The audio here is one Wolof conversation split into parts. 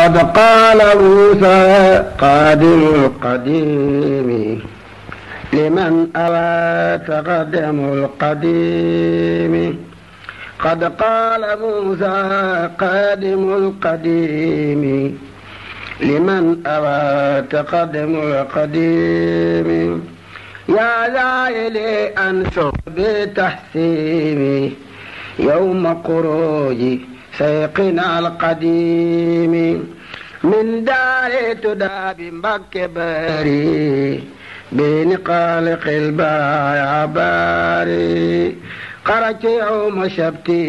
قد قال موسى قادم القديم لمن أوى تقدم القديم قد قال موسى قادم القديم لمن أوى تقدم القديم يا زائلي أنشر بتحسيمي يوم قروجي شيقنا القديم من دار تدى بمبك باري بين قالق البايع باري قرأت يوم شبتي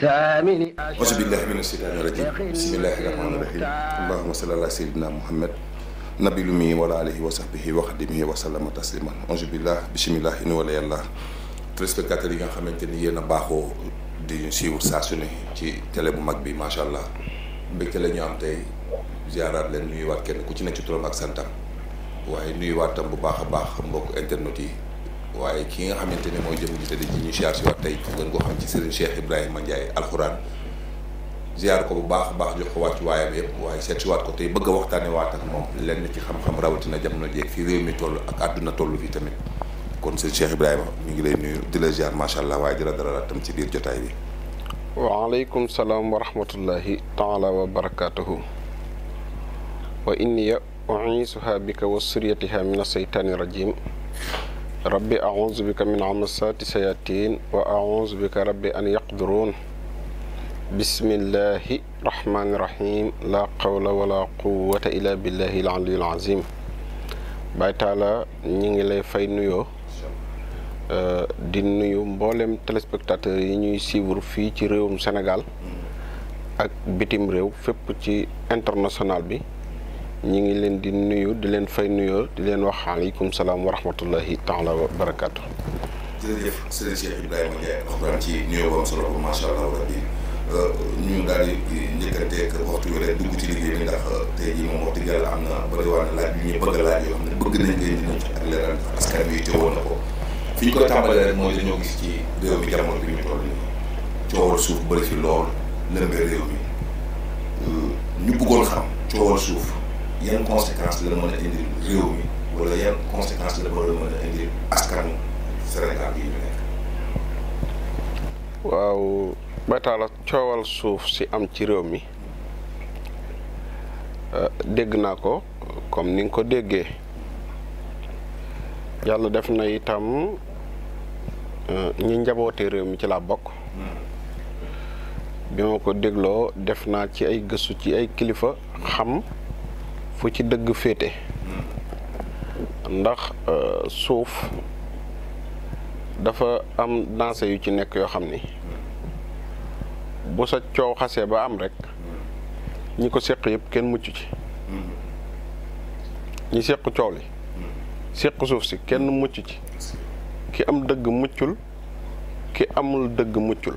ثامن أشهر أعوذ بالله من الشيطان الرجيم بسم الله الرحمن الرحيم اللهم صل على سيدنا محمد nabi lu mi wala alayhi wa sahbihi wa xadimihi wa sallama tasliman ange billah bisimilah inu wala yàlla téléspectateurs yi nga xamante ni yéen a baaxoo di ñu suivre saa su ci télé bu mag bi macha allah mbégte la ñu am tey ziaraat leen nuyuwaat kenn ku ci nekk ci turam ak santam waaye nuyuwaat tam bu baax a baax mbokk internet yi waaye ki nga xamante ne mooy jëm ji tëdd ji ñu ziar si waat tey ku ngeen ko xam ci Serigne Cheikh Ibrahima Ndiaye alxuraan ziar ko bu baax a baax jox ko wàccu waayam yëpp waaye seet si waat ko tey bëgg a waxtaanee waat ak moom lenn ci xam-xam rawatina jamono jeeg fii réew mi ak àdduna toll fii tamit. kon sëñ Cheikh Ibrahima ñu ngi lay nuyu salaam wa rahmatullahi taala wa barakaatuhu. bika wa suriyatiha min asaytaani rabbi a'uuzu bika min amasaati sayaatiin wa a'uuzu bika rabbi an yaqduruun. bismillahi rahmaani rahiim laa qawla wala quwwata illa billahi al-aliyyil aziim. Baay Taala ñu ngi lay fay nuyoo. Euh, di nuyu mboolem téléspectateurs yi ñuy suivre fii ci réewum senegal ak bitim réew fépp ci international bi ñu ngi leen di nuyu di leen fay nuyoo di leen wax aleykum salaam ci nuyoo bu am solo ba euh, waxtu wi rek dugg ci liggéey bi ndax euh, tey jii moom wax dëgg yàlla am na bariwaan laaj yu ñu bëgg laaj yoo bëgg nañ leen di nuyu ak leeral askan wi teewoon na ko. fi ñu koy tàmbalee rek mooy dañoo gis ci réew mi jamono bi ñu toll coowal suuf bëri fi lool lëmbe réew mi euh, ñu bëggoon xam coowal suuf yan conséquence la mën a indil réew mi wala yan conséquence la mën a indil coowal suuf si am ci réew mi euh, dégg naa ko comme ni ko déggee. yàlla def na itam Euh, ñi njabootee réew mi ci laa bokk. Hmm. bi ma ko dégloo def naa ci ay gëstu ci ay kilifa xam fu ci dëgg féete. Hmm. ndax euh, suuf dafa am danse yu ci nekk yoo xam ni hmm. bu sa coow xasee ba am rek ñi ko seq yëpp kenn mucc ci ñi seq coow li seq suuf si kenn mucc ci ki am dëgg muccul ki amul dëgg muccul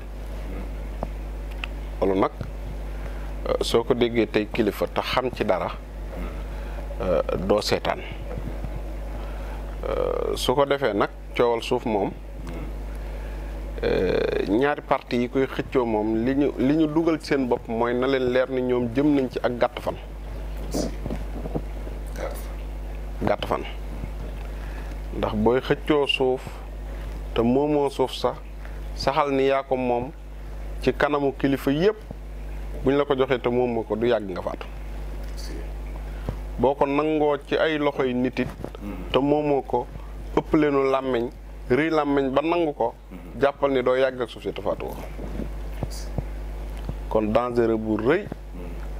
loolu nag euh, soo ko déggee tey kilifa te xam ci dara euh, doo seetaan euh, su ko defee nag coowal suuf moom ñaari parti yi koy xëccoo moom li ñu li ñu dugal ci seen bopp mooy na leen leer ni ñoom jëm nañ ci ak gàtt fan gàtt fan ndax booy xëccoo suuf te moomoo suuf sax saxal ni yaa ko moom ci kanamu kilifa yépp buñ la ko joxee te moomoo ko du yàgg nga faatu boo ko nangoo ci ay loxoy nit te moomoo ko ëpp leenu làmmiñ rëy làmmiñ ba nangu ko jàppal ni doo yàgg ak suuf si te faatu ko kon danger bu rëy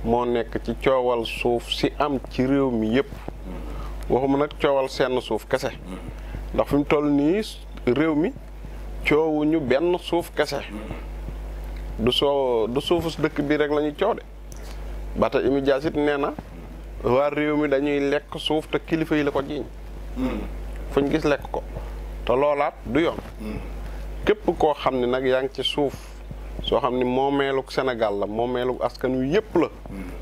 moo nekk ci coowal suuf si am ci réew mi yépp waxuma nag coowal seen suuf kese ndax fi mu toll nii réew mi coowuñu benn suuf kese du soo du suufus dëkk bi rek la ñu coow de bata imi jaasit nee na waa réew mi dañuy lekk suuf te kilifa yi la ko jiiñ fu ñu gis lekk ko te loolaat du yoon képp koo xam ni nag yaa ngi ci suuf soo xam ni moomeelug senegal la moomeelug askan wi yépp la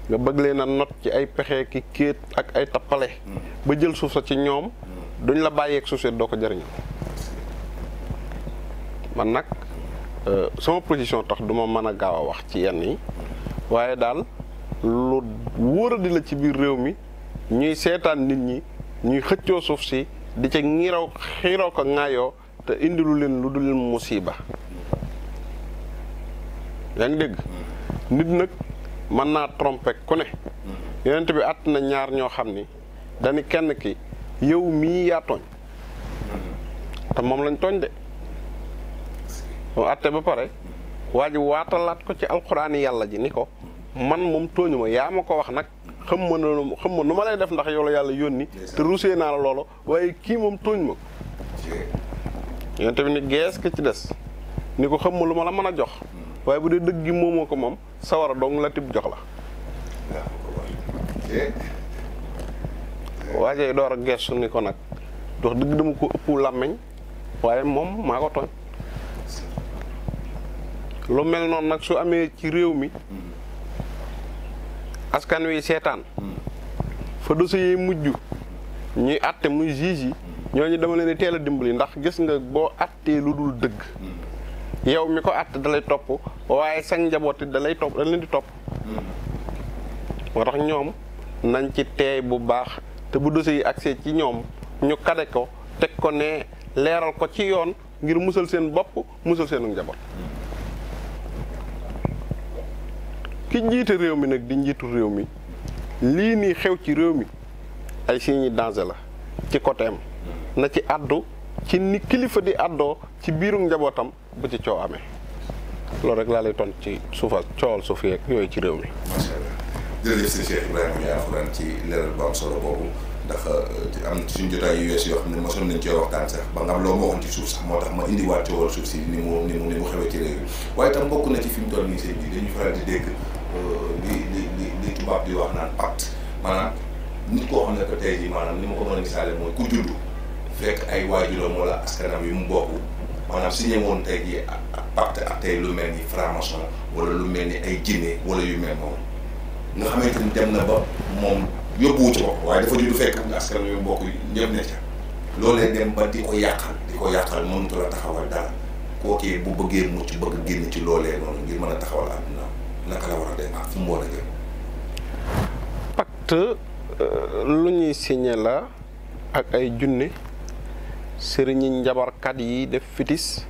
nga bëgg leen a not ci ay pexe ki kéet ak ay tappale ba jël suuf sa ci ñoom duñ la bàyyeeg suuf si doo ko jëriñoo man nag euh, sama position tax duma mën a gaaw a wax ci yenn yi waaye daal lu wóoradi ci biir réew mi ñuy seetaan nit ñi ñuy xëccoo suuf si di ca ngiraw xiiroo ko ŋaayoo te indilu leen lu dul musiba yaa ngi dégg nit nag mën naa tromper ku ne yonent bi àtt na ñaar ñoo xam ni dañu kenn ki yow mii yaa tooñ te moom lañ tooñ de mu àtte ba pare waa waatalaat ko ci alxuraani yàlla ji ni ko man moom tooñu ma yaa ma ko wax nag xam ma nu xam ma nu ma lay def ndax yow la yàlla yónni te ruusee naa la loolu waaye kii moom tooñ ma yoon tamit ni gees ki ci des ni ko xam ma lu ma la mën a jox waaye bu dee dëgg gi moomoo ko moom sawara dong la tib jox la waajee door a geesu ni ko nag dox dëgg dama ko ëpp làmmiñ waaye moom maa ko tooñ lu mel noonu nag su amee ci réew mi askan wi seetaan fa dossier yi mujj ñuy àtte muy juge yi ñooñu dama leen di teel a dimbali ndax gis nga boo àttee lu dul dëgg yow mi ko àtt dalay topp waaye sag njaboot da lay topp da leen di topp moo tax ñoom nañ ci teey bu baax te bu dossier yi accès ci ñoom ñu kade ko teg ko ne leeral ko ci yoon ngir musal seen bopp musal seenu njaboot ki njiite réew mi nag di njiitu réew mi lii nii xew ci réew mi ay signes danger la ci côté na ci àddu ci ni kilifa di àddoo ci biiru njabootam bu ci coow ci suufal coowal suuf yeeg yooyu ci réew mi. macha allah jërëjëf si ci leeral euh, yoo xam ne mosoon nañu cee sax ba nga loo ma waxoon suuf sax moo tax ma indiwaat coowal suuf si ni mu ni mu ni ci réew mi waaye itam bokk na ci fi mu toll nii seen bi dañu faral di dégg. Euh, li li li li tubaab di wax naan pacte maanaam nit koo xam ne que tey jii maanaam li ma ko mën a misaale mooy ku judd fekk ay waajuram wala askanam yu mu bokk maanaam signé woon tey jii lu mel ni franc-maçon lu mel ni ay jinne wala yu mel noonu nga xamante ni dem na ba moom yóbbuwu ci bopp waaye dafa judd fekk askan yu mu bokk ñëpp ne ca loolee dem ba di ko yàqal di ko yàqal mënutu la taxawal dara kookee bu bëggee mucc bëgg génn ci loolee noonu ngir mën a taxawal àdduna naka la euh, lu ñuy signé la ak ay junne sëriñi njabarkat yi def fitis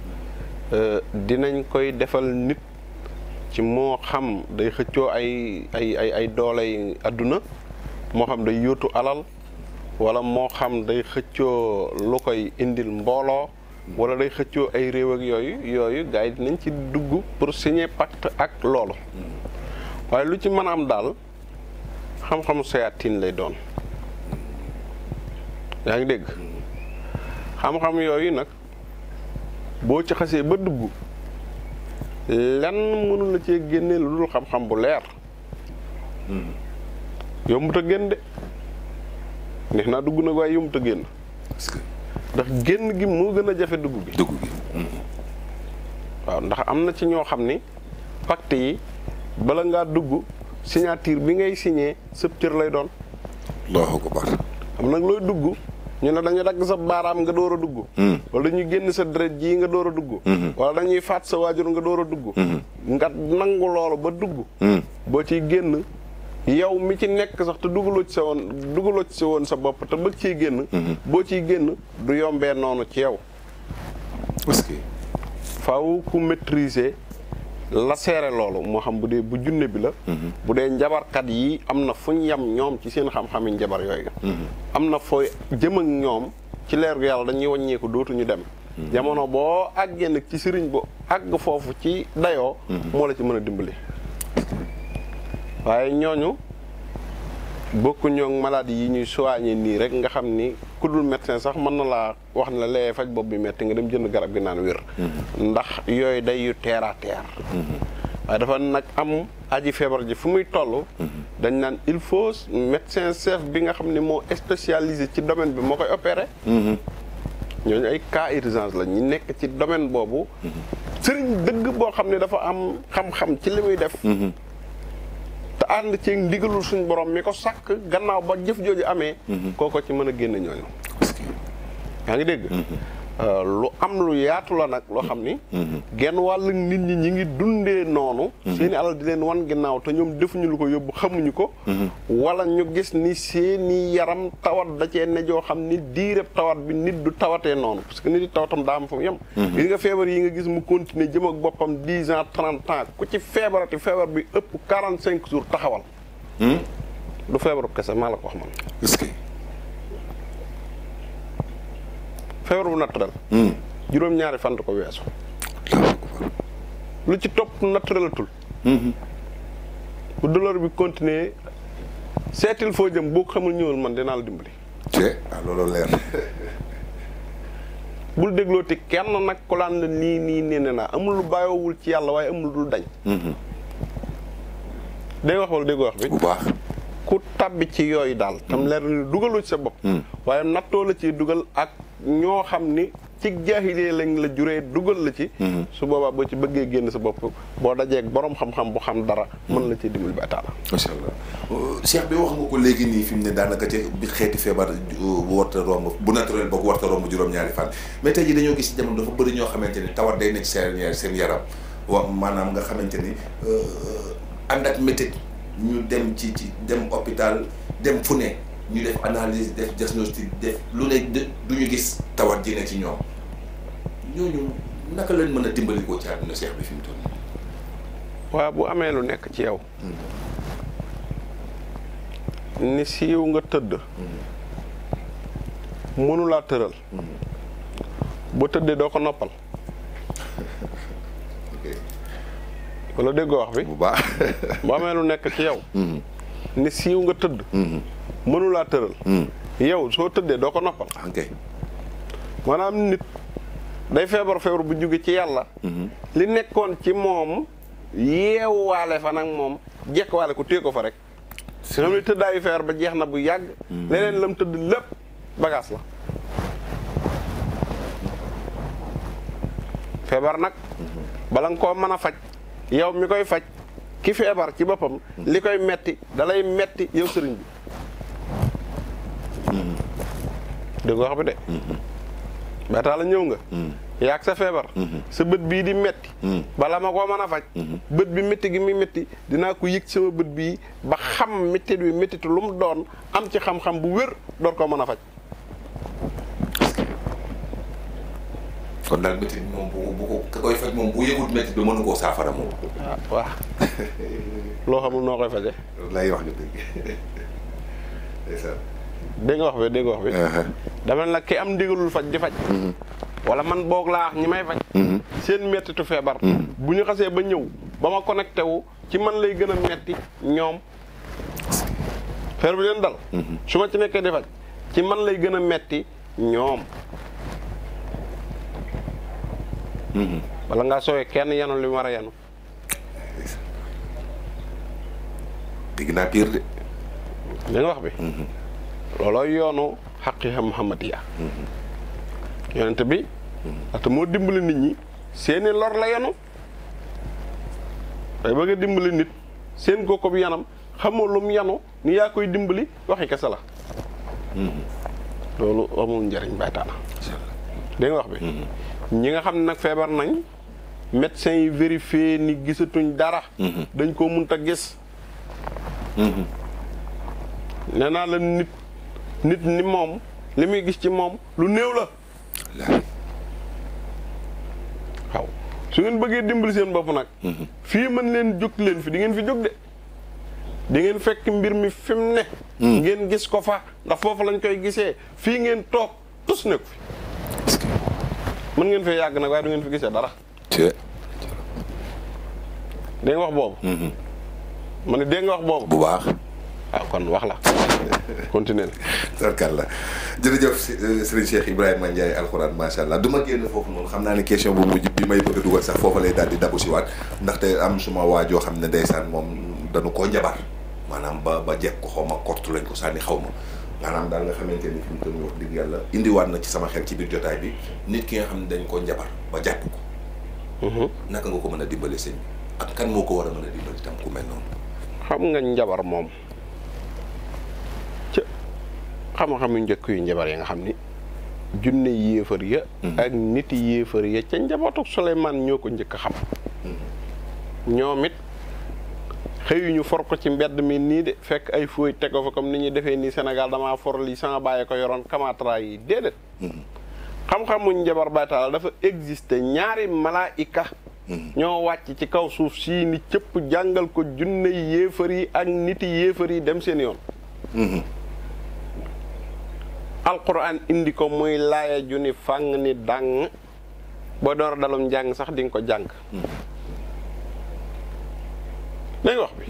euh, dinañ koy defal nit ci moo xam day xëccoo ay ay ay àdduna moo xam day yóotu alal wala moo xam day xëccoo lu koy indil mbooloo. wala day xëccoo ay réew ak yooyu yooyu gars yi ci dugg pour signer pacte ak loolu waaye lu ci mën a am daal xam-xamu sayaatin lay doon yaa ngi dégg xam-xam yooyu nag boo ci xasee ba dugg lan mënu la cee génne lu dul xam-xam bu leer yombut a génn de neex naa dugg nag waaye yombut a génn ndax génn gi moo gën a jafe dugg bi dugg bi hmm. waaw ndax am na ci ñoo xam ni pacte yi bala ngaa dugg signature bi ngay signé sëb lay doon allahu akbar am nag looy dugg ñu ne dañu dagg sa baaraam nga door a dugg hmm. wala dañuy génn sa deret jii nga door a dugg hmm. wala dañuy faat sa waajur nga door a dugg nga nangu loolu ba dugg boo ciy génn yow mi ci nekk sax te dugaloo ci sa woon sa woon sa bopp te bëgg ciy génn. Mhm. boo ciy génn du yombee noonu ci yow. faw que ku maîtriser la seere loolu moo xam bu dee bu junne bi la. Mhm. bu dee njabarkat yi am na fuñ yem ñoom ci seen xam-xami njabar yooyu. Mhm. am na foo jëm ak ñoom ci leer gu yàlla dañuy wàññeeku dootuñu dem. jamono boo ak génn ci sëriñ bu àgg foofu ci dayoo. moo la ci mën a dimbali. waaye ñooñu bokkuñu ak maladie yi ñuy soigné nii rek nga xam ni ku dul médecin sax mën na laa wax na la lee faj bopp bi metti nga dem jënd garab gi naan wér. Mm-hmm. ndax yooyu day yu terre à mm-hmm. waaye dafa nag am aji feebar ji fu muy toll. Mm-hmm. dañ naan il faut médecin chef bi nga xam ni moo spécialisé ci domaine bi moo koy opéré. ñooñu ay cas urgence la ñu nekk ci domaine boobu. sëriñ dëgg boo xam ne dafa am xam-xam ci li muy def. te ànd ci ndigalul suñ borom mi ko sàkk gannaaw ba jëf jooju amee. Mm-hmm. kooko ci mën a génne ñooñu. yaa ngi dégg. Mm-hmm. Euh, lu am lu yaatu la nag loo xam ni. genn wàll nit ñi ñi ngi dundee noonu. seeni alal di leen wan ginnaaw te ñoom defuñu lu ko yóbbu xamuñu ko. wala ñu gis ni seeni yaram tawat da cee ne joo xam ni diireb tawat bi nit du tawatee noonu parce que nit di tawatam daa am fa mu yem. li nga feebar yi nga gis mu continuer jëm ak boppam dix ans trente ans ku ci feebarati feebar bi ëpp quarante cinq jours taxawal. Hmm? du feebaru kese maa la ko wax feebar bu naturel. Hmm. juróom-ñaari fan ko weesu. lu ci topp naturelatul. Hmm. bu douleur bi continuer seetil foo jëm boo xamul ñëwul man dinaa la dimbali. te ah, bul dégloo te kenn nag ko laan nii nii nee naa amul lu bàyyoowul ci yàlla waaye amul dul dañ. Hmm. day wax wala dégg wax bi ku tabbi ci yooyu daal. tam leer dugaloo ci sa bopp. waaye nattoo la ciy dugal ak. ñoo xam ni ci jaahilee lañ la juree dugal la ci mm-hmm. su boobaa boo ci bëggee génn sa bopp boo dajeeg borom xam-xam bu xam dara mm-hmm. mën la ci dimbali ba taala macha allah euh, cheikh bi wax nga ko léegi nii fi mu ne daanaka ci bi xeeti feebar euh, bu warta romb bu naturel boog warta romb juróom-ñaari fan mais yi dañoo gis ci jamono dafa bëri ñoo xamante ni tawat day nekk seen seen yaram wa maanaam nga xamante ni euh, ànd ak ñu dem ci ci dem hôpital dem fu ne ñu def analyse def diagnostic def lu ne du ñu gis tawat ji ci ñoom ñooñu naka lañ mën a dimbalikoo ko ci àdduna seex bi fi bu amee lu nekk ci yow hmm. ni nga tëdd hmm. mënulaa tëral hmm. bu tëddee doo ko noppal wala déggoo bi bu baax amee lu nekk ci yow ni siiw nga tëdd mënulaa tëral. Hmm. yow soo tëddee doo ko noppal. maanaam nit day feebar feebar bu jóge ci yàlla. Hmm. li nekkoon ci moom yeewuwaale fa nag moom waale ko téye ko fa rek. si xam ne tëddaayu feebar ba jeex na bu yàgg. Hmm. leneen lam tëdd lépp bagaas la. feebar nag bala nga koo mën a faj yow mi koy faj ki feebar ci boppam. li koy metti dalay metti yow sëriñ bi. dëgg wax bi de. baataa mm-hmm. la ñëw nga. Mm-hmm. yaag sa feebar. Mm-hmm. sa bët bii di metti bala ma koo mën a faj. bët bi métti gi muy metti dinaa ko yëg sama bët bii ba xam métti bi méttitu lu doon am ci xam-xam bu wér door koo mën a faj. kon daal métti moom bu bu ko koy faj moom bu yëgut métti bi mënu koo saafara moom. Ah, waaw loo xamul noo koy faje dégg nga wax bi dégg nga wax dama ne la ki am ndigalul faj di faj. Mm-hmm. wala man boog laax ñi may faj. Mm-hmm. seen mettitu feebar. Mm-hmm. bu ñu xasee ba ñëw ba ma connecté wu ci man lay gën a metti ñoom. feebar bi leen dal. ci nekkee di ci man lay gën a metti ñoom. wala ngaa soowee kenn yanu li war a yanu. dégg naa pire de. li wax bi. loolooy yoonu xaqiqa muhammadiya yonent bi ndaxte moo dimbali nit ñi seeni lor la yenu day bëgg a dimbali nit seen kooku bi yanam xamoo lu mu yanu ni yaa koy dimbali waxi kese la loolu amul njëriñ baytaana dégg nga wax bi ñi nga xam nag feebar nañ médecin yi vérifié ni gisatuñ dara dañ koo munta gis mm-hmm. nee naa la nit nit ni moom li muy gis ci moom lu néew la waaw su ngeen bëggee dimbali seen bopp nag mhm. fii mën leen jóg leen fi di ngeen fi jóg de di fekk mbir mi fi ne mhm. ngeen gis ko fa ndax foofu lañ koy gisee fii ngeen toog tus ne ko fi mën ngeen fee yàgg nag waaye du ngeen fi gisee dara dégg nga wax boobu mhm. ma ne dégg nga wax boobu bu baax waaw ah, kon wax la continué la. sarkar la jërëjëf sëriñ euh, Cheikh Ibrahima Ndiaye alxuraan macha allah du ma génn foofu noonu xam naa ne question bu mujj bi may bëgg a dugal sax foofa lay daal di dabu si waat ndaxte am suma waajoo xam ne saan moom dañu koo njabar maanaam ba ba jekk ko xaw ma kortu lañ ko sànni xaw ma maanaam daal nga xamante ni fi mu wax dëgg yàlla indiwaat na ci sama xel ci biir jotaay bi nit ki nga xam ne dañ ko njabar ba jàpp ko. Mhm. naka nga ko mën a dimbale sëñ kan moo ko war a mën a dimbali tam ku mel noonu. xam nga njabar moom xam-xamu njëkk yu njabar yi nga xam ni junne yéefar yi mm-hmm. ak niti yéefar ya ca njabootu Suleymaan ñoo ko njëkk a xam mm-hmm. ñoom it xëyuñu for ko ci mbedd mi nii de fekk ay fooy tego fa comme ni ñuy defee nii senegal damaa for lii sama bàyyi ko yoroon kamaatra yi déedéet mm-hmm. xam-xamu njabar baytaala dafa existé ñaari malaayika ñoo wàcc ci kaw suuf sii ni cëpp jàngal ko junne yéefar yi ak niti yéefar yi dem seen yoon alquran indi ko muy laaya junni ni ni dàng boo door a dalum njàng sax dinga ko jàng dégg wax bi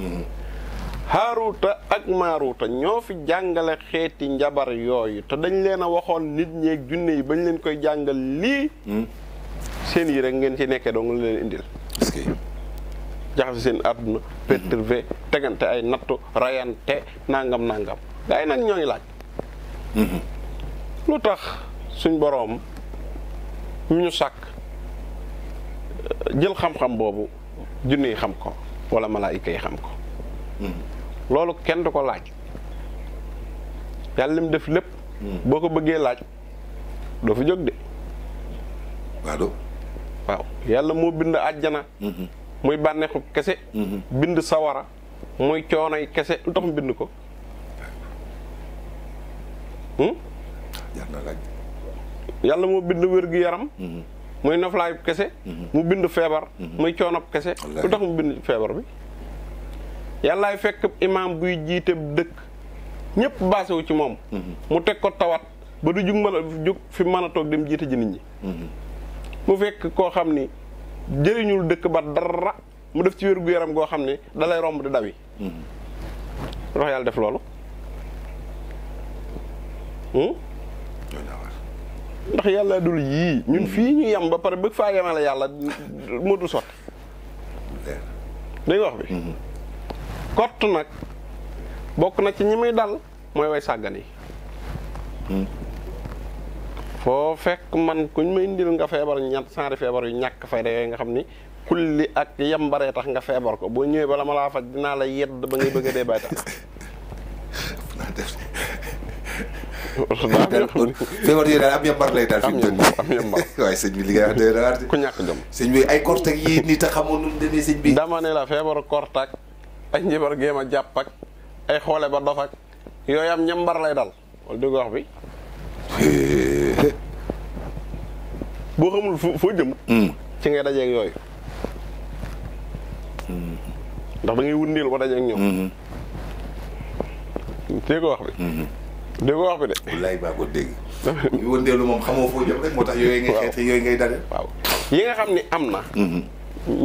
xaaruuta mm-hmm. ak maaruuta ñoo fi jàngale xeeti njabar yooyu te dañ leen a waxoon nit ñeeg junne yi bañ leen koy jàngal lii mm-hmm. seen yi rek ngeen ci nekkee dong la leen indil jaxase seen àdduna mm-hmm. perturbe tegante ay nattu rayante nangam nangam gaa nag ñoo ngi laaj lu tax suñ boroom ñu ñu sàkk jël xam-xam boobu junne yi xam ko wala malaayika yi xam ko loolu kenn du ko laaj yàlla lim def lépp boo ko bëggee laaj doo fi jóg de waaw yàlla moo bind àjjana muy bànneexu kese bind sawara muy coonoy kese lu tax mu bind ko hmm? yàlla moo bind wér gi yaram. Mhm. muy noflaay kese. Mhm. mu bind feebar. Mhm. muy coonob kese. lu tax mu bind feebar bi. yàllaay fekk imaam buy jiite dëkk ñépp baase wu ci moom. mu teg ko tawat ba du jug mën a jug fi mën a toog dem jiite ji nit ñi. mu fekk koo xam ni jëriñul dëkk ba dara mu def ci wér gu yaram goo xam ne dalay romb di dawi. lu tax yàlla def loolu. Hmm? ndax yàlla dul yii ñun fii ñu yem ba pare bëgg faa yemale yàlla moo dul sotti dégg wax bi mhm. kott nag bokk na ci ñi muy dal mooy way sàggan yi mhm. foo fekk man kuñ may indil nga feebar ñan sanri feebar yu ñàkk fayda yooyu nga xam ni kulli ak yembaree tax nga feebar ko boo ñëwee bala ma laa faj dinaa la yedd ba ngay bëgg a dee bay tax feebar yooyu daal am yambar li ngay wax doy na waar ku ñàkk jom sëñ bi ay kortak yi nit a xamoon nu demee sëñ bi dama ne la feebaru kortak ay njibar géem a jàpp ay xoole ba dof yooyu am ñambar lay dal wala dégg wax bi boo xamul foo jëm hmm. ci ngay dajeeg yooyu hmm. ndax da wundeel ba dajeeg ñoom hmm. dégg wax bi déggoo wax bi de. walaay maa dégg. ñu wëndeelu moom xamoo foo jëm rek moo tax yooyu ngay ngay dale. waaw yi nga xam ni am na. Mm-hmm.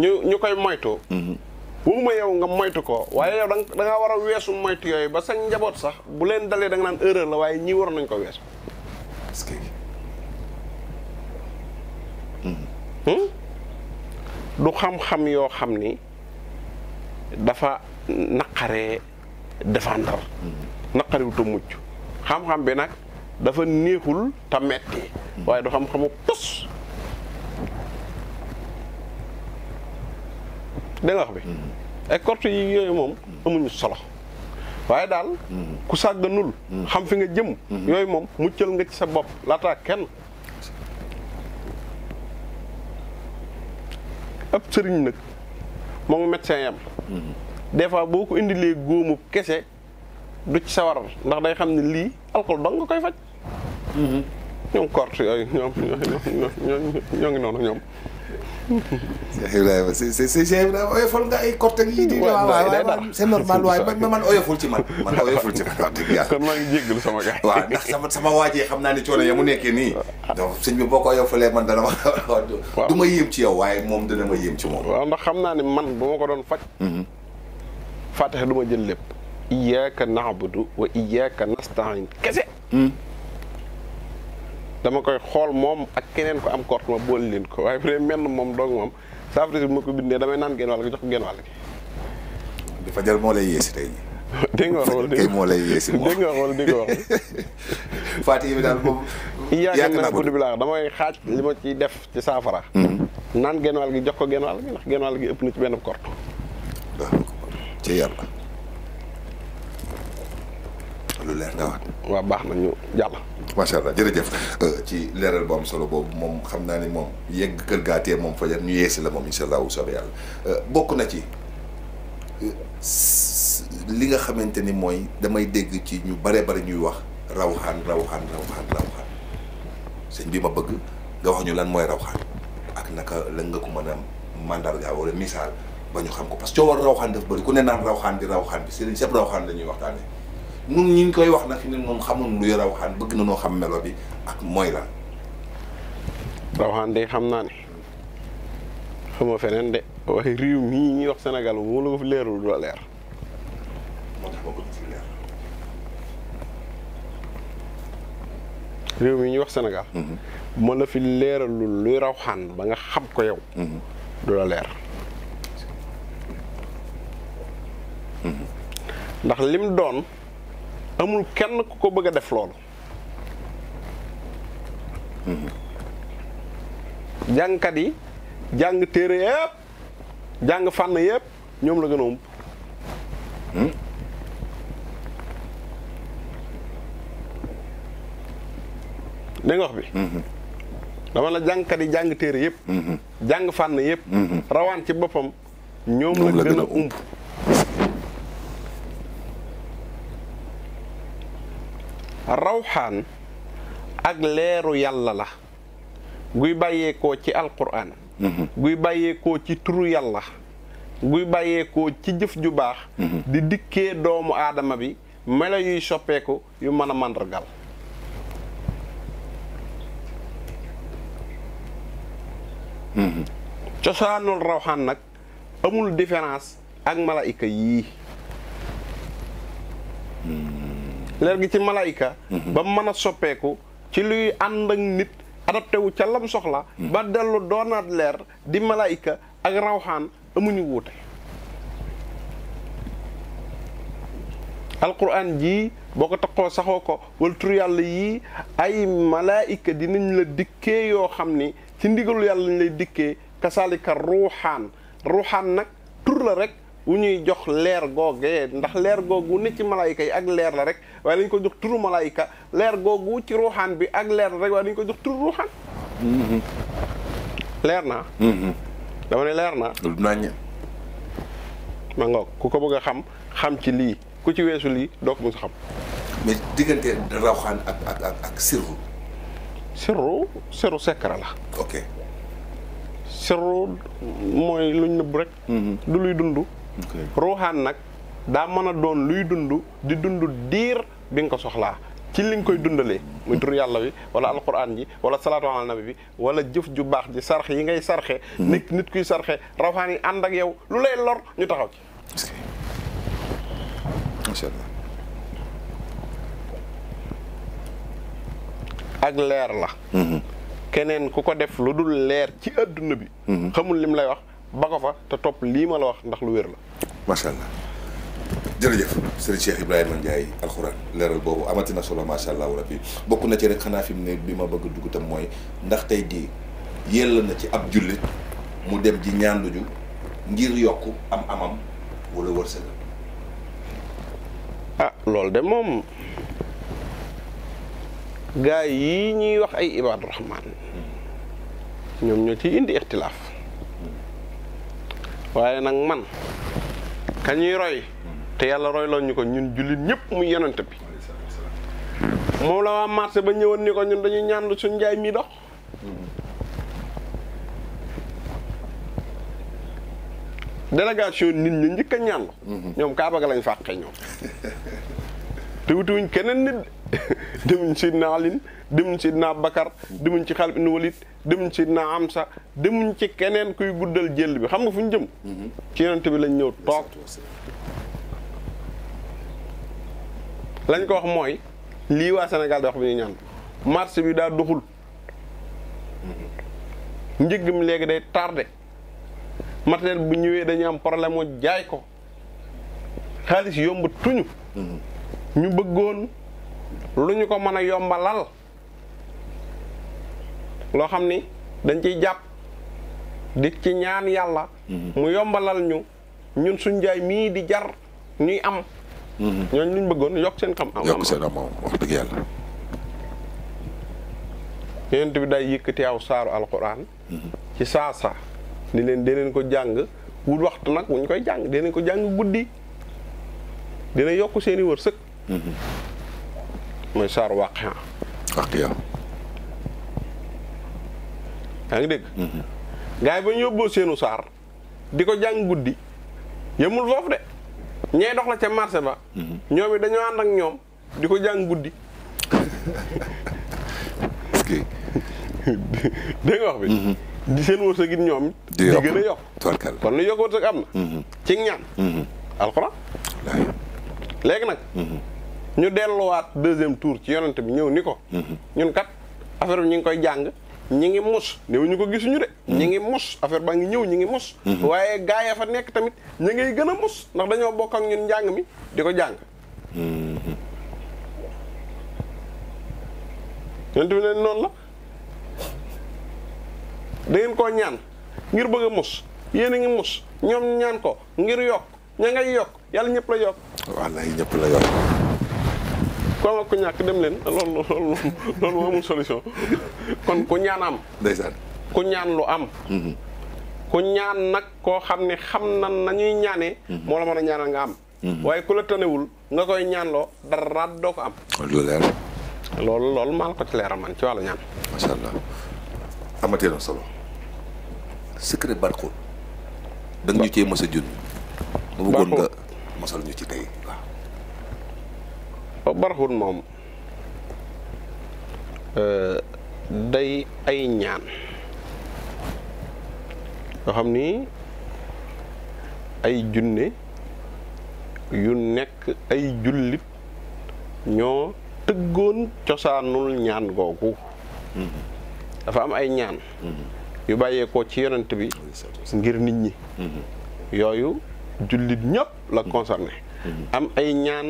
ñu ñu koy moytu. Mm-hmm. waxuma nga moytu ko waaye yow da war a weesu moytu yooyu ba sa njaboot sax bu leen dalee da naan erreur la waaye ñii war nañ ko weesu. Mm-hmm. Hmm? du xam-xam yoo xam ni dafa naqaree défendre. naqariwutu mucc. xam-xam bi nag dafa neexul te metti waaye du xam-xamu tus da nga wax bi ay mm-hmm. korte yi yooyu moom mm-hmm. amuñu solo waaye daal mm-hmm. ku sàgganul xam fi nga jëm yooyu moom muccal nga ci sa bopp laataa kenn ab sëriñ nag moo ngi médecin yam des fois boo ko indilee góomu kese du ci sawar ndax day xam ne lii alcool dong koy faj. ñoom corte yooyu ñoom ñoo ngi noonu ñoom. Cheikh Ibrahima si si si Cheikh Ibrahima oyofal nga ay corte yi di. waaw waaw waaw c'est normal waaye man man oyoful ci man man oyoful ci man wax dëgg yàlla. kon sama gars. waaw ndax sama sama waa ji naa ne coono ya mu nekkee nii. donc boo ko oyofalee man dana ma. waaw du ma yéem ci yow waaye moom dana ma yéem ci moom. waa ndax xam naa ne man bu ma ko doon faj. Mm-hmm. Fatiha du ma jël lépp. iyyaka na'budu wa iyyaka nasta'in kese hmm. dama koy xool moom ak keneen ko am kort ma leen ko waaye bu dee moom doog moom saafara si bu ma ko bindee damay naan genn wàll gi jox ko genn wàll gi di fajar tey dégg wala kay moo lay wala dégg nga daal moom iyyaka na'budu bi laa xaaj li ma ciy def ci saafara hmm. naan genn wàll gi jox ko genn wàll gi ndax genn gi ëpp na ci benn kort ci yàlla lu leer nga wax. waaw baax na ñu jàll. macha allah jërëjëf euh, ci leeral bu am solo boobu moom xam naa ni moom yegg kër gaatee moom fajar ñu yeesi la moom incha allah wu soobee yàlla euh, bokk na ci euh, li nga xamante ni mooy damay dégg ci ñu bare bare ñuy wax raw raw rawxaan rawxaan rawxaan sëñ bi ma bëgg nga wax ñu lan mooy raw rawxaan ak naka la nga ko mën a mandarga wala misaal ba ñu xam ko parce que coowal rawxaan daf bëri ku ne naan rawxaan bi rawxaan bi sëriñ sëpp rawxaan la ñuy waxtaanee. nun ñi ñu koy wax nag fi ne noonu xamoon luy rawaxaan bëgg na noo xam melo bi ak mooy la rawaxaan day xam naa ne xama feneen de waaye réew mii ñuy wax Sénégal bu mu leer moo réew mii ñuy wax Sénégal bu mhm. ma la fi leeralul luy rawaxaan ba nga xam ko yow mhm. du la leer mhm. ndax lim doon amul kenn ku ko bëgg a def lool jàngkat yi jàng téere yëpp jàng fànn yëpp ñoom la gën a ump dégg nga wax bi dama la jàngkat yi jàng téere yëpp jàng fànn yëpp rawaan ci boppam ñoom la gën a ump rawxaan ak leeru yàlla la guy bàyyeekoo ci alquran mhm. guy bàyyeekoo ci turu yàlla guy bàyyeekoo ci jëf ju baax mhm. di dikkee doomu aadama bi melo yuy soppeeku yu mën a màndargal mhm. cosaanul rawxaan nag amul différence ak malaayika yii leer gi ci malaayika mhm. ba mën a soppeeku ci luy ànd ak nit adapté ca lam soxla mhm. ba dellu doonaat leer di malaayika ak rawxaan amuñu wuute alquran jii boo ko taxoo saxoo ko wala tur yàlla yii ay malaayika dinañ la dikkee yoo xam ni ci ndigalu yàlla ñu lay dikkee kasaalika ruuxaan ruuxaan nag turla la rek wu ñuy jox leer googee ndax leer googu ne ci malaayika yi ak leer la rek waaye dañ ko jox turu malaayika leer googu ci ruuxaan bi ak leer la rek waaye dañ ko jox turu ruuxaan mm-hmm. leer na mm-hmm. dama ne leer naa ma ngoog ku ko bëgg a xam xam ci lii ku ci weesu lii doo ko mos a xam mais diggante rawxaan ak ak sirru sirru sirru la sirru mooy luñ nëbb rek mm-hmm. du luy dund ruuxaan nag daa mën a doon luy dund di dund diir bi nga ko soxlaa ci li nga koy dundale muy tur yàlla wi wala alquran ji wala salaatu ala nabi bi wala jëf ju baax ji sarxe yi ngay sarxe hmm. nit kuy sarxe rawxaan yi ànd ak yow lu lay lor ñu taxaw ci ak leer la hmm. keneen ku ko def lu dul leer ci adduna bi hmm. xamul lim lay wax ba ko fa te topp lii ma la wax ndax lu wér la. macha allah jërëjëf sëriñ Cheikh Ibrahima Ndiaye alxuraan leeral boobu amati na solo macha allah rabbi bokk na ci rek xanaa fi mu ne bi ma bëgg dugg tam mooy ndax tey jii yell na ci ab jullit mu dem ji ñaanduju ngir yokk am amam wala wërsëg. ah loolu de moom gaa yi ñuy wax ay ibaadu ñoom ñoo ci indi ixtilaaf waaye nag man ka roy te yàlla royloo ñu ko ñun jullit ñëpp muy yonent bi moom la waa marché ba ñëwoon ko ñun dañuy ñaan suñ njaay mi dox délégation nit ñu njëkk a mm-hmm. ñoom kaaba ga lañ fàqee ñoom te wutuwuñ keneen nit demuñ Seydina Alin demuñ Seydina Bakar demuñ ci Xaalid ibn Walid demuñ Seydina Amsa demuñ ci keneen kuy guddal jël bi xam nga fu ñu jëm mm-hmm. ci yonent bi lañ ñëw toog lañ ko wax mooy lii waa Sénégal da wax bi ñu ñaan marché bi daa doxul mm-hmm. njëg mi léegi day tardé matériel bu ñëwee dañuy am problème mu jaay ko xaalis yomb tuñu mm-hmm. ñu bëggoon lu ñu ko mën a yombalal loo xam ni dañ ciy jàpp di ci ñaan yàlla mm-hmm. mu yombalal ñu ñun suñ jaay mii di jar ñuy am mm-hmm. ñooñ luñ bëggoon yokk seen xam am yokk seen am wax dëgg yàlla yonent bi day yëkkati aw saaru alquran mm-hmm. ci saasa ni leen deneen ko jàng wul waxtu nag wuñ koy jàng deneen ko jàng guddi dina yokk seeni wërsëg mooy saaru wàqiya wàqiya yaa ngi dégg gars yi ba ñu yóbboo seenu saar di ko jàng guddi yëmul foofu de ñee dox la ca marché ba ñoomi it dañoo ànd ñoom di ko jàng guddi dégg nga bi mhm. di seen wërsëg it ñoom di gën a yokk kon lu yokk wërsëg am na mhm. ci ñaan mhm. alxuraan léegi nag ñu delluwaat deuxième tour ci yonent bi ñëw ni ko. ñun kat affaire bi ñu ngi koy jàng. ñi ngi mos néew ñu ko gisuñu de ñi ngi mos affaire baa ngi ñëw ñi ngi mos waaye gaay ya fa nekk tamit ñi ngay gën a mos ndax dañoo bokk ak ñun njàng mi di ko jàng yonent bi leen noonu la da ngeen ñaan ngir bëgg a yéen a ngi mos ñoom ñaan ko ngir yokk ña ngay yokk yàlla ñëpp la yokk wallaay la yokk ku am ñàkk dem leen loolu loolu loolu moo amul kon ku ñaan am. ndeysaan ku ñaan lu am. Mm-hmm. ku ñaan nag koo xam ne xam na nañuy ñaanee. Mm-hmm. moo la mën a ñaanal nga am. Mm-hmm. waaye ku la tënewul nga koy ñaanloo dara doo ko am. loolu loolu maa la ko ci leeral man ci wàllu ñaan. macha allah amatee na solo. secret barko. da ñu cee mos a jun. ma bëggoon nga mosal ñu ci tey. baraxun moom euh, day ay ñaan yoo xam ni ay junne yu nekk ay jullit ñoo tëggoon cosaanul ñaan googu dafa am ay ñaan yu bàyyeekoo ci yonent bi ngir nit ñi mm-hmm. yooyu jullit ñëpp la concerné mm-hmm. am ay ñaan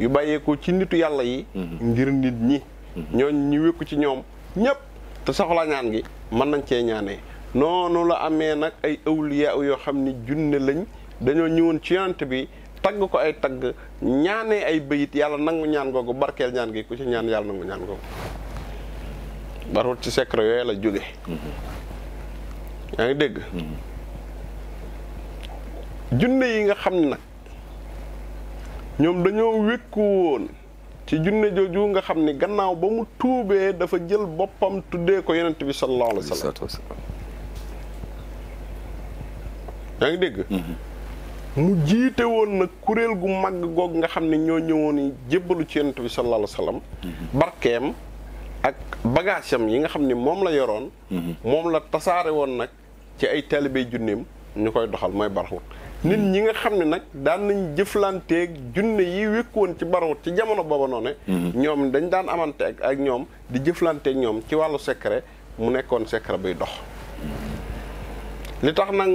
yu bàyyeekoo ci nitu yàlla yi mhm. ngir nit ñi mhm. ñooñ ñu wékku ci ñoom ñëpp te soxla ñaan gi mën nañ cee ñaanee noonu la amee nag ay awliya yoo xam ni junne lañ dañoo ñëwoon ci yonent bi tagg ko ay tagg ñaanee ay bayit yàlla nangu ñaan googu barkeel ñaan gi ku ci ñaan yàlla nangu ñaan googu barut ci secret yooyu la jóge mhm. yaa ngi dégg junne yi nga xam ne nag ñoom dañoo wékku woon ci junne jooju nga xam ni gannaaw ba mu tuubee dafa jël boppam tuddee ko yonent bi sallallahu alayhi wa sallam yaa ngi dégg mm-hmm. mu jiite woon nag kuréel gu mag goog nga xam ni ñoo ñëwoon jébbalu ci yonent bi sallallahu alayhi mm-hmm. barkeem ak bagaasam yi nga xam ni moom la yoroon mm-hmm. moom la tasaare woon nag ci ay taalibe junneem ñu koy doxal mooy barxut nit ñi nga xam ne nag daan nañ jëflanteeg junne yi wékkoon ci barawut ci jamono booba noonu mhm. ñoom dañ daan amante ak ak ñoom di jëflanteeg ñoom ci wàllu secret mu nekkoon secret buy dox li tax nag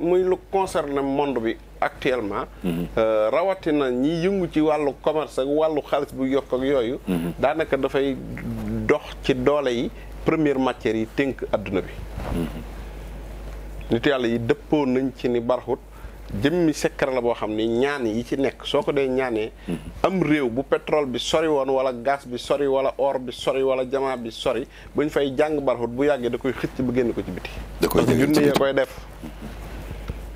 muy lu concerne monde bi actuellement mhm. euh, rawatina ñi yëngu ci wàllu commerce ak wàllu xaalis bu yokk ak yooyu mhm. daanaka dafay dox ci doole yi première matière yi tënk àdduna bi nit yàlla yi dëppoon nañ ci ni barxut jëmmi secret la boo xam ni ñaan yi ci nekk soo ko dee ñaanee mhm. am réew bu pétrole bi sori woon wala gaz bi sori wala or bi sori wala jamaa bi sori bu ñu fay jàng barxut bu yàggee da koy xëcc ba génn ko ci biti junni yee koy def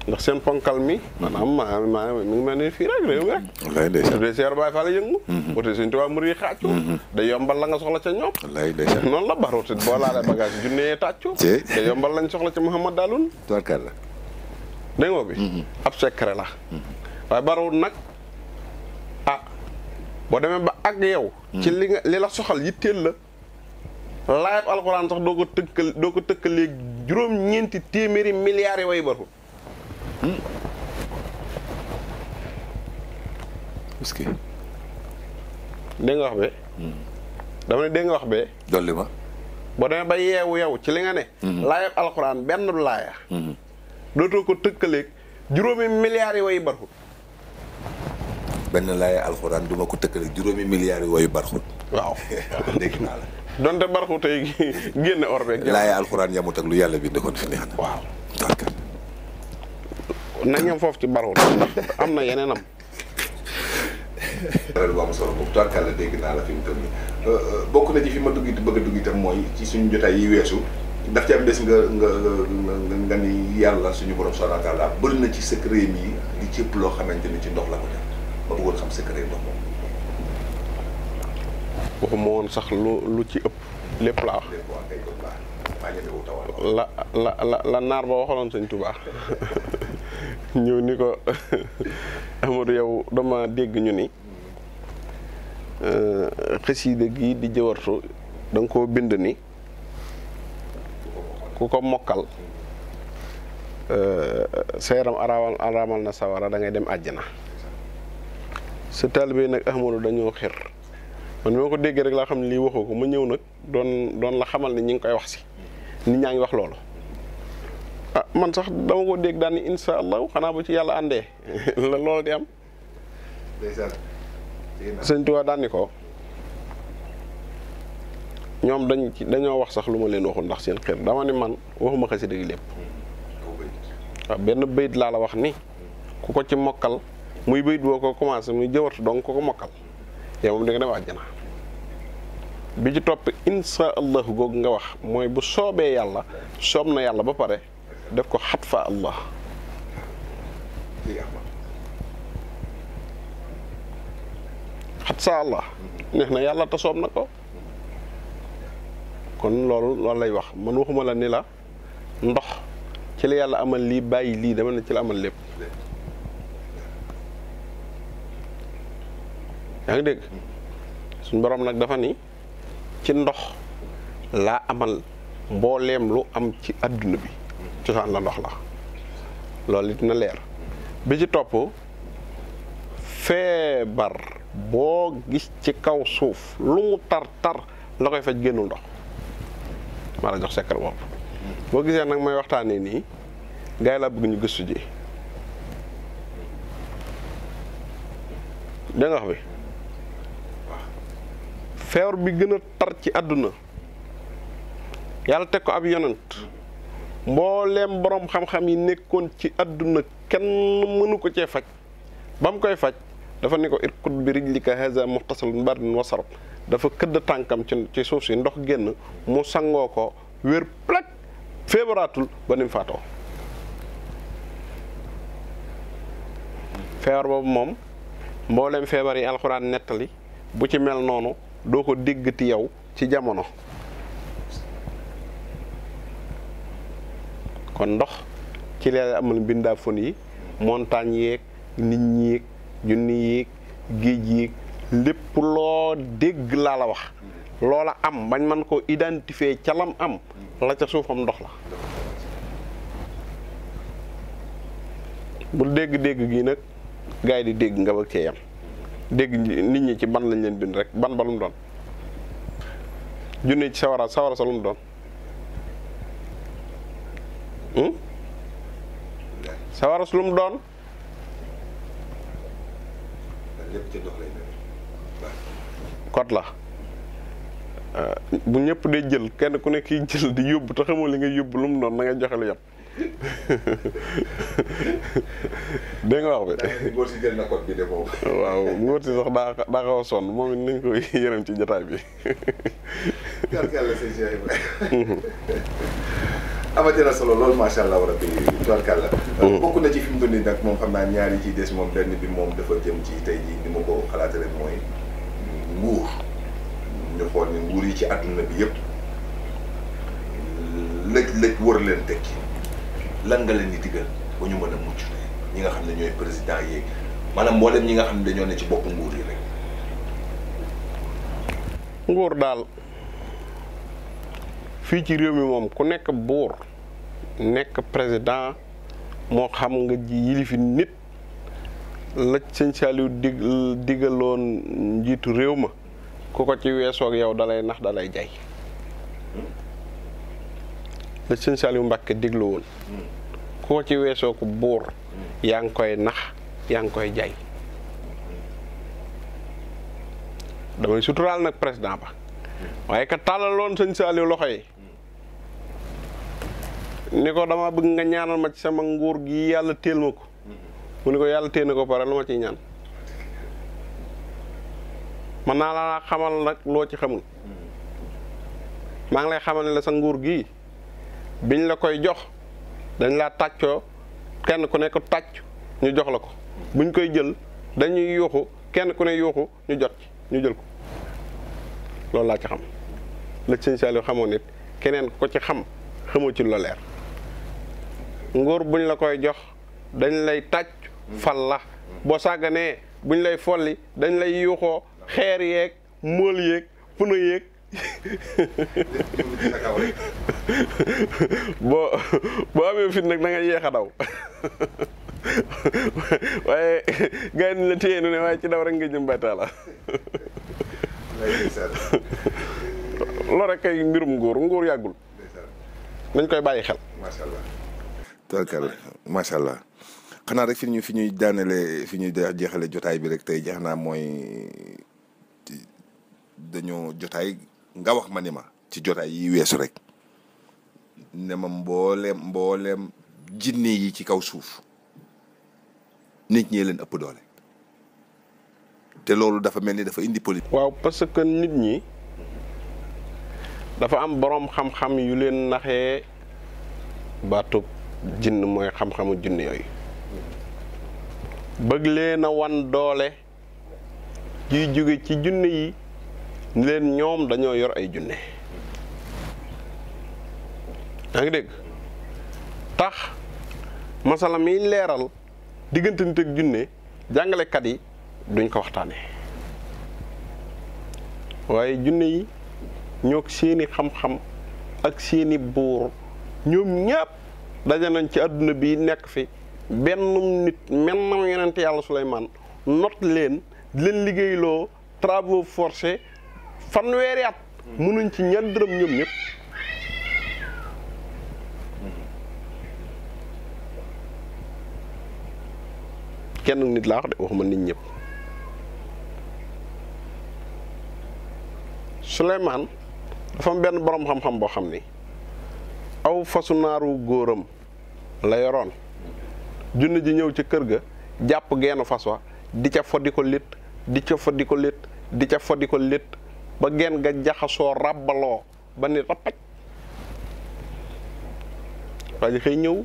ndax seen ponkal mi maanaam ma mi ngi mel ni fii rek réew mi rek chef de serre Baye Fall yëngu mhm. wate suñ tubaab mur yi xàccu mhm. da yombal la nga soxla ca ñoom noonu la barxut boo laalee bagage junni yee tàccu da yombal lañ soxla ca Mouhamad Daloun tubarkalla dégg bi mhm. ab secret la mhm. waaye barawut nag ah boo demee ba ak yow mhm. ci li nga li la soxal yitteel la laayab alxuraan sax doo ko tëkkal doo ko tëkkalee juróom-ñeenti téeméeri milliards yi way barawut hmm. est wax be hmm. dama ne dégg wax be dolli ma boo demee ba yeewu yow ci li nga ne hmm. laayab alxuraan benn laaya dootoo ko tëkkaleeg juróomi milliards yi way barxut benn laay alxuraan du ma ko tëkkaleeg juróomi milliards yi way barxut waaw dégg naa la donte barxutey génn or beeg laay alxuraan yamut ak lu yàlla bind kon fi neex na waaw nañam foofu ci barxut ndax am na yeneen am dara bu am solo boobu tubaarkàlla dégg naa la fi euh, euh, bokk na ci fi ma dugg bëgg a dugg itam mooy ci suñu jotaay yi weesu daf ci am bés nga nga ni yàlla suñu borom subhanahu wa taala bëri na ci secret yi li ci ëpp loo xamante ni ci ndox la ko def ba bëggoon xam woon sax lu lu ci ëpp lépp laa la la la la naar ba waxaloon sëñ Tuubaa ñëw ni ko Amadou yow dama dégg ñu ni euh, xasida gi di jëwartu da koo bind ni. ku ko mokkal euh, sa yaram araamal araamal na sawara dangay dem àjjana sa taalibe nag Ahmadu dañu xir man bi ko déggee rek laa xam ne lii waxoo ko mu ñëw nag doon doon la xamal ne ñu ngi koy wax si nit ñaa ngi wax loolu ah man sax dama ko dégg daan insha allahu xanaa bu ci yàlla àndee la loolu di am sëñ Tuubaa daan ni ko ñoom dañu dañ dañoo wax sax lu ma leen waxul ndax seen xër dama ne man waxuma xasida gi lépp waaw benn bayit laa la wax ni ku ko ci mokkal muy bayit boo ko commencé muy jëwatu donc ko ko mokkal yow da nga dem àjjana bi ci topp insha allah nga wax mooy bu soobee yàlla soob na yàlla ba pare def ko xat fa allah xat sa allah neex na yàlla te soob na ko kon loolu loolu lay wax man waxuma la ni la ndox ci la yàlla amal lii bàyyi lii dama na ci la amal lépp yaa ngi dégg suñ borom nag dafa ni ci ndox laa amal mbooleem lu am ci adduna bi cosaan la ndox la loolu it na leer bi ci topp feebar boo gis ci kaw suuf lu mu tar tar la koy faj génnul ndox maa la jox secret bopp boo gisee nag may waxtaanee nii gars yi laa bëgg ñu gis ji da nga bi feebar bi gën a tar ci àdduna yàlla teg ko ab yonant mbooleem boroom xam-xam yi nekkoon ci àdduna kenn mënu ko cee faj ba mu koy faj dafa ne ko irkut bi rijlika haza muxtasalun bardun wasarab dafa këdd tànkam ci ci suuf si ndox génn mu sangoo ko wér plak feebaraatul ba ni faatoo feebar boobu moom mboolem feebar yi alxuraan nettali bu ci mel noonu doo ko déggati yow ci jamono kon ndox ci leela amal mbindaafon yi montagne yeeg nit ñi yeeg junni yeeg géej yeeg lépp loo dégg laa la wax loola am bañ man ko identifier ca lam am la ca suufam ndox la bu dégg-dégg gii nag gars yi di dégg nga bëgg cee yam dégg nit ñi ci ban lañ leen bind rek ban ba lu doon junne ci sawara sawara sa lu doon hmm? sawara su doon lépp code la bu ñëpp dee jël kenn ku ne kiy jël di yóbbu te xamoo li nga yóbbu lu mu doon na joxe lu yem dégg nga wax bi. ngóor si jël na si sax daa daa a sonn moom it nañ ko yërëm ci jotaay bi. tubarkàlla sëñ Cheikh Ibrahima. Mhm. amati na solo loolu macha allah rabbi tubarkàlla. Mhm. Euh, bokk na ci fi mu nii nag moom xam naa ñaari ciy des moom benn bi moom dafa jëm ci tey jii ni ma ko xalaatale mooy. nguur ñu xool ni nguur yi ci àdduna bi yëpp lëj lëj wër leen tekki lan nga leen di digal ba ñu mën a mucc ñi nga xam ne ñooy président yeeg maanaam mboolem ñi nga xam ne dañoo ne ci bopp nguur yi rek. nguur daal fii ci réew mi moom ku nekk buur nekk président moo xam nga ji yilifi nit. la sëñ Saliou dig njiitu réew ma ku ko ci weesoog yow dalay nax dalay jay la sëñ Saliou Mbàkke diglu woon ku ko ci weesoo buur yaa ngi koy nax yaa ngi koy jay damay suturaal nag président ba waaye ka tàllaloon sëñ Saliou loxo yi ni ko dama bëgg nga ñaanal ma ci sama nguur gi yàlla téel ma ko mu ne ko yàlla téye na ko pare lu ma ciy ñaan man naa laa xamal nag loo ci xamul maa ngi lay xamal ne la sa nguur gii biñ la koy jox dañ laa tàccoo kenn ku nekk tàcc ñu jox la ko buñ koy jël dañuy yuuxu kenn ku ne yuuxu ñu jot ci ñu jël ko loolu laa ci xam la sëñ Saliou nit keneen ko ci xam xamoo ci lu la leer nguur buñ la koy jox dañ lay tàcc fal la boo sàgganee buñ lay folli dañ lay yuuxoo xeer yeeg mool yéeg puna yeeg boo amee fit nag da yéex a daw waaye gars yi la téye nu ne waaye ci daw rek nga jëm bàytaa la loolu rek kay mbirum nguur nguur yàggul dañ koy bàyyi xel macha xanaa rek fi ñu fi ñuy daanele fi ñuy jeexale jotaay bi rek tey jeex naa mooy dañoo jotaay nga wax ma ni ma ci jotaay yi weesu rek ne ma mbooleem mbooleem jinne yi ci kaw suuf nit ñi leen ëpp doole te loolu dafa mel ni dafa indi politique. waaw parce que nit ñi dafa am boroom xam-xam yu leen naxee baatub jinn mooy xam-xamu jinn yooyu. bëgg leen wan doole yuy jóge ci junne yi ni leen ñoom dañoo yor ay junne yaa dégg tax masala miy leeral diggante nit ak junne jàngalekat yi duñ ko waxtaane waaye junne yi ñoog seeni xam-xam ak seeni buur ñoom ñépp daje nañ ci àdduna bi nekk fi benn nit mennam yonente yàlla Souleymane not leen leen liggéeyloo travaux forcés fanweeri at mënuñ ci ñaar dërëm ñoom ñëpp kenn nit laa wax de waxuma nit ñëpp Souleymane dafa am benn boroom xam-xam boo xam ni aw fasu naaru góoram la yoroon junni ji ñëw ci kër ga jàpp geenu fas wa di ca fo di ko létt di ca fo di ko létt ba geen ga jaxasoo ràbbaloo ba ni rappaj waa ji ñëw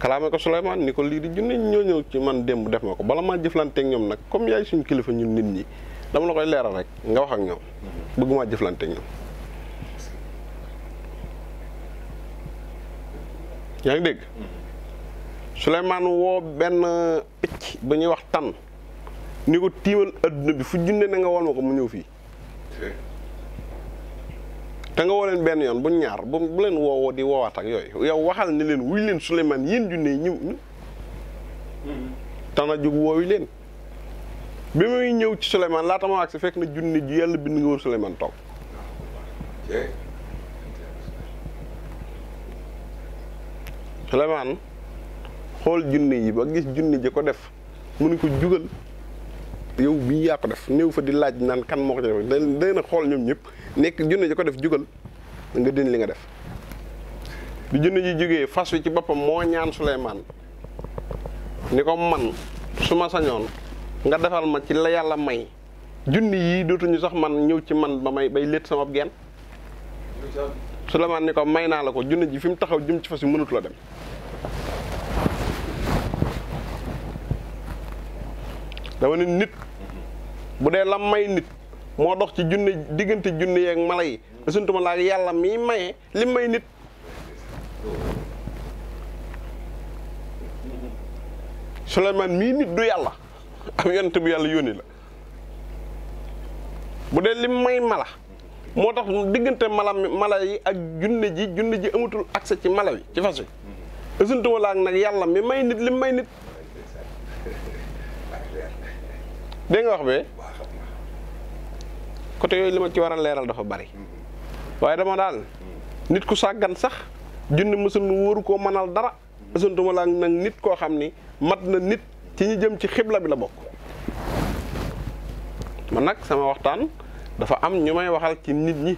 kalaame ko Souleymane ni ko lii di junne ñoo ñëw ci man démb def ma ko bala maa jëflanteeg ñoom nag comme yaay suñu kilifa ñun nit ñi dama la koy leeral rek nga wax ak ñoom bëgguma jëflanteeg ñoom yaa ngi dégg mm-hmm. Souleymane woo benn picc ba ñuy wax tan ni ko tiimal adduna bi fu junne na nga woon ma ko mu ñëw fii te nga woo leen benn yoon bu ñaar bu bu leen woowoo di woowaat ak yooyu yow waxal ni leen wuy leen Souleymane yéen junne yi ñëw tana jóg woowi leen bi muy ñëw ci Souleymane laata ma wax si fekk na junne ju yàlla bind nga wër Souleymane toog Souleymane xool junni yi ba gis junni ji ko def mënu ko jugal yow bii yaa ko def néew fa di laaj naan kan moo ko ci def day na xool ñoom ñëpp nekk junni ji ko def jugal nga den li nga def bi junni ji jógee fas wi ci boppam moo ñaan Suleymaan ni ko man su ma sañoon nga defal ma ci la yàlla may junni yii dootuñu sax man ñëw ci man ba may bay létt sama genn Suleymaan ni ko may naa la ko junni ji fi mu taxaw jum ci fas wi mënut la dem dama nit bu dee lam may moo dox ci junne diggante junne yeeg mala yi asuntuma yàlla mi maye li may nit Suleymaan mii nit du yàlla am yonent bu yàlla yónni la bu dee lim may mala moo tax diggante mala mala yi ak junne ji junne ji amatul accès ci mala wi ci fas wi asuntuma nag yàlla mi may nit lim may nit dégg nga wax bi côté yooyu li ma ci waral leeral dafa bari waaye dama daal nit ku sàggan sax junni mësul nu wóoru koo mënal dara ësantuma laa nag nit koo xam ni mat na nit ci ñi jëm ci xibla bi la bokk man nag sama waxtaan dafa am ñu may waxal ci nit ñi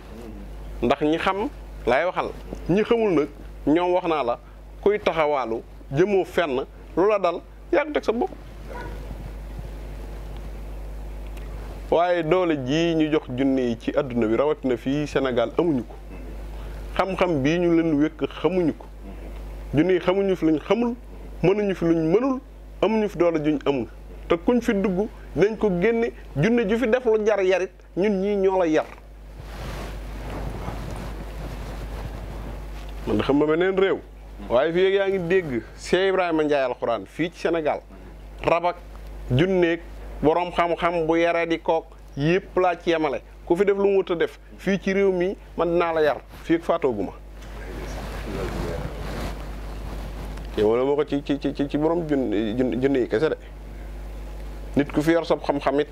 ndax ñi xam laay waxal ñi xamul nag ñoom wax naa la kuy taxawaalu jëmoo fenn lu la dal yàgg teg sa bopp waaye doole ji ñu jox junne yi ci àdduna bi rawatina fii Sénégal amuñu ko xam-xam bii ñu leen wékk xamuñu ko junne yi xamuñu fi luñ xamul mënuñu fi luñ mënul amuñu fi doole juñ amul te kuñ fi dugg dañ ko génne junne ju fi def lu jar yarit ñun ñi ñoo la yar man da xam ma beneen réew waaye fii yaa ngi dégg Cheikh Ibrahima Ndiaye alxuraan fii ci senegaal rabak junneeg boroom xam-xam bu yaree di kook yëpp laa ci yemale ku fi def lu mu wut def fii ci réew mi man dinaa la yar fii ak faatooguma wala moo ko ci ci ci ci borom junni junni yi kese de nit ku fi yor sab xam-xam it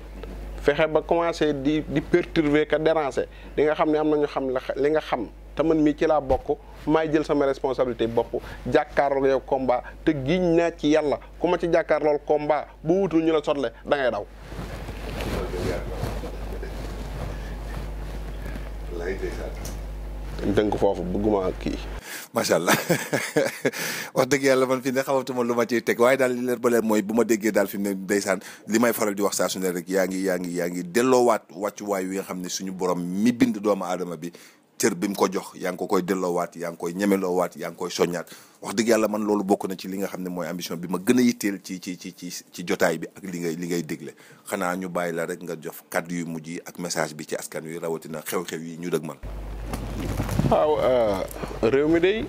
fexe ba commencé di di perturber ka déranger di nga xam ne am na ñu xam la li nga xam te man mii ci laa bokk maay jël sama responsabilité bopp jàkkaarloo yow combat te giñ naa ci yàlla ku ma ci jàkkaarlool komba bu wutul ñu la sotle da ngay daw. dënk foofu bëgguma kii. macha allah wax dëgg yàlla man fi ne xamatuma lu ma ciy teg waaye daal li leer ba leer mooy bu ma déggee daal fi mu ne ndeysaan li may faral di wax saa su rek yaa ngi yaa ngi yaa ngi delloowaat wàccuwaay wi xam ne suñu borom mi bind doomu aadama bi cër bi mu ko jox yaa ngi ko koy delloowaat yaa ngi koy ñemeloowaat yaa ngi koy soññaat wax dëgg yàlla man loolu bokk na ci li nga xam ne mooy ambition bi ma gën a yitteel ci ci ci ci ci jotaay bi ak li ngay ngay dégle xanaa ñu bàyyi la rek nga jox kàddu yu mujj yi ak message bi ci askan wi rawatina xew-xew yi ñu dëgmal. waaw euh, réew mi day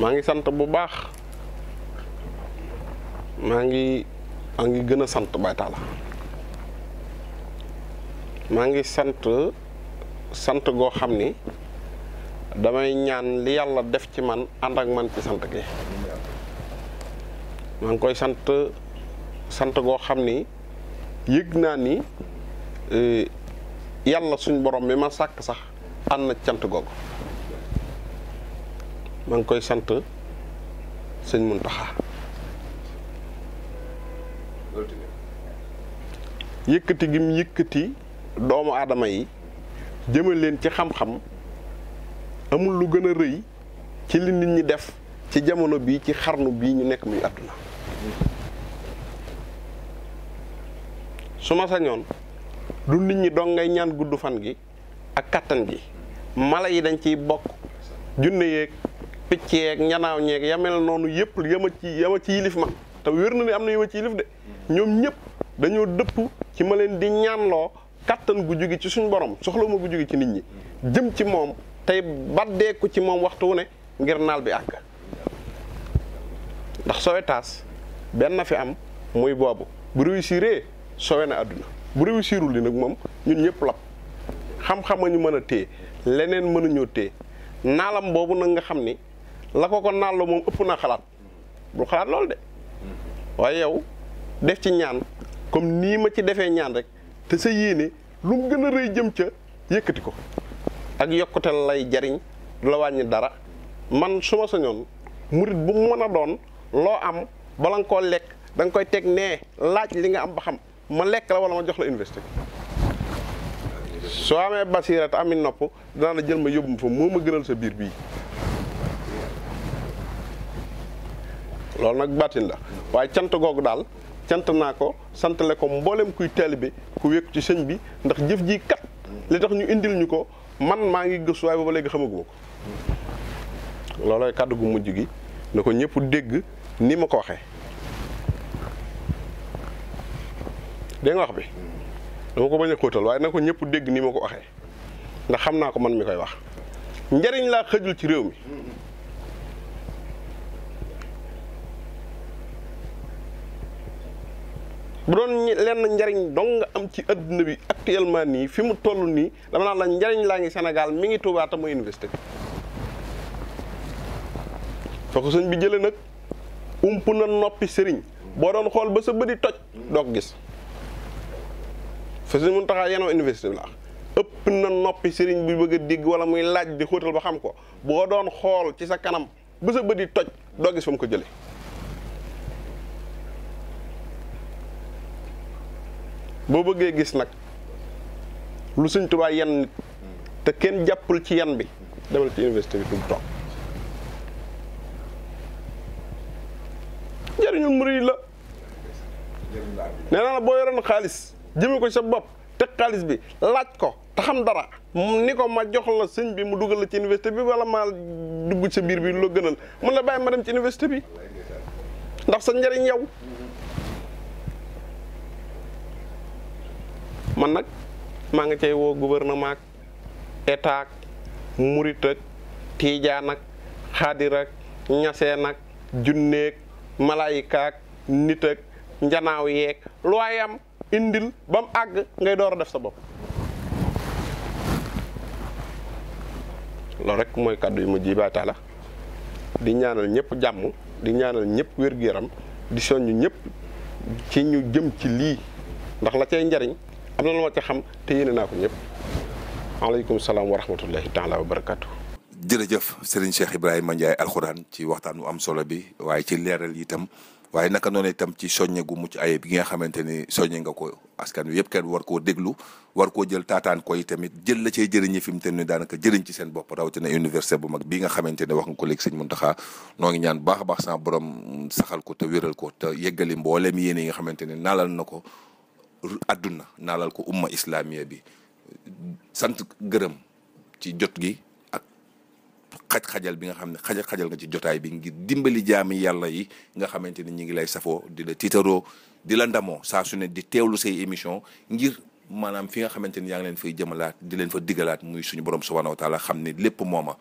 maa ngi sant bu baax maa ngi maa ngi gën a sant Baye Talla maa ngi sant. sant goo xam ni damay ñaan li yàlla def ci man ànd ak man ci sant gi maa ngi koy sant sant goo xam ni yëg naa ni e, yàlla suñ borom mi ma sàkk sax ànd na cant googu maa ngi koy sant sëñ Muntaxa yëkkati gi mu yëkkati doomu aadama yi jëmal leen ci xam-xam amul lu gën a rëy ci li nit ñi def ci jamono bii ci xarnu bii ñu nekk muy àdduna su ma sañoon du nit ñi dong ngay ñaan gudd fan gi ak kàttan gi mala yi dañ ciy bokk junne yeeg picc yeeg ñanaaw ñeeg yamel noonu yëpp yama ci yama ci yilif man te wér na ni am na yama ci yilif de ñoom ñëpp dañoo dëpp ci ma leen di ñaanloo kattan gu jóge ci suñu borom soxla ma gu jóge ci nit ñi jëm ci moom tey baddeeku ci moom waxtu wu ne ngir naal bi àgg ndax Sowetaas benn fi am muy boobu bu réussiree sowe na àdduna bu réussirul li nag moom ñun ñëpp lap xam-xam ñu mën a téye leneen mën mënuñoo téye naalam boobu nag nga xam ni la ko ko naal la moom ëpp naa xalaat bu xalaat lool de waaye yow def ci ñaan comme nii ma ci defee ñaan rek te sa yéene lu mu gën a rëy jëm ca yëkkati ko ak yokkute lay jariñ du la wàññi dara man su ma sañoon murit bu mu mën a doon loo am bala nga koo lekk da koy teg nee laaj li nga am ba xam ma lekk la wala ma jox la investir soo amee basiira te amit nopp dinaa la jël ma yóbbu ma fa moo ma gënal sa biir bii loolu nag bàttin la waaye cant googu daal cant naa ko santale ko mboolem kuy taalibe ku wékku ci sëñ bi ndax jëf ji kat li tax ñu indil ñu ko man maa ngi gëstu waaye ba léegi xamaguma ko loolooy kàddu gu mujj gi na ko ñëpp dégg ni ma ko waxee dégg nga bi dama ko bañ a waaye na ko ñëpp dégg ni ma ko waxee ndax xam naa ko man mi koy wax njariñ laa xëjul ci réew mi bu doon lenn njariñ dong nga am ci adduna bi actuellement nii fi mu toll nii dama naan la njariñ laa ngi Sénégal mi ngi Touba te muy investé fa ko sëñ bi jëlee nag ump na noppi sëriñ boo doon xool ba sa bëdi toj gis fa mun taxaa yenoo université bi la ëpp na noppi sëriñ bu bëgg digg wala muy laaj di xóotal xam ko boo doon xool ci sa kanam ba sa bëdi toj doo gis fa mu ko jëlee boo bëggee gis nag lu Sëñ Tuubaa yan nit te kenn jàppul ci yan bi demal ci université bi dugg toog njëriñul murid la nee naa la boo yoroon xaalis jëme ko sa bopp teg xaalis bi laaj ko te xam dara ni ko ma jox la sëñ bi mu dugal la ci université bi wala ma dugg sa biir bi loo gënal mun na bàyyi ma dem ci université bi ndax sa njariñ yow man nag maa nga cay woo gouvernement ak état ak murit ak tiijaan ak xaadir ak ñaseen ak junneeg malaayika njanaaw yeeg lu indil ba mu àgg ngay door a def sa bopp loolu rek mooy kàddu yu ma ji di ñaanal ñëpp jàmm di ñaanal ñëpp wér-gu-yaram di soññ ñëpp ci ñu jëm ci lii ndax la cay njariñ am na lu ma ca xam te yéene naa ko ñëpp aleykum salaam wa rahmatullahi taala wa barakaatu. jërëjëf Serigne Cheikh Ibrahima Ndiaye alxuraan ci waxtaan wu am solo bi waaye ci leeral yitam waaye naka noonu itam ci soññe mucc ayib bi nga xamante ni soññe nga ko askan wi yëpp kenn war koo déglu war koo jël taataan ko itamit jël la cay jëriñi fi mu te ni daanaka jëriñ ci seen bopp rawatina université bu mag bii nga xamante ne wax nga ko léegi sëñ Muntaxa noo ngi ñaan baax a baax sa borom saxal ko te wéral ko te yeggali mboolem yéene yi nga xamante ne naalal na ko àdduna naalal ko umma islamiya bi sant gërëm ci jot gi ak xaj-xajal bi nga xam ne xaj-xajal nga ci jotaay bi ngir dimbali jaami yàlla yi nga xamante ni ñu ngi lay safoo di la tiitaroo di la ndamoo saa su ne di teewlu say émission ngir maanaam fi nga xamante ni yaa ngi leen fay jëmalaat di leen fa diggalaat muy suñu borom subhanahu wa taala xam ne lépp mooma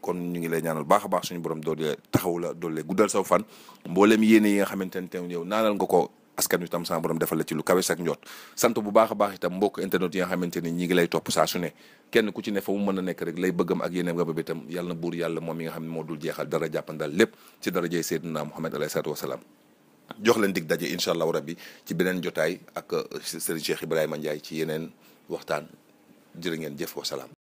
kon ñu ngi lay ñaanal baax a baax suñu borom doole taxaw la doole guddal saw fan mboolem yéene yi nga xamante ne yow naanal nga ko askan wi tam sama borom defal la ci lu kawe sak njot sant bu baax a baax itam mbokk internet yi nga xamante ni ñi ngi lay topp saa su ne kenn ku ci ne fa mu mën a nekk rek lay bëggam ak yeneen raba bi itam yàlla na buur yàlla moom mi nga xam ne moo dul jeexal dara jàppandal lépp ci darajey Seydina Muhammad alayhi salaatu wasalaam jox leen dig daje incha allahu rabbi ci beneen jotaay ak euh, Serigne Cheikh Ibrahima Ndiaye ci yeneen waxtaan jërë ngeen jëf wa salaam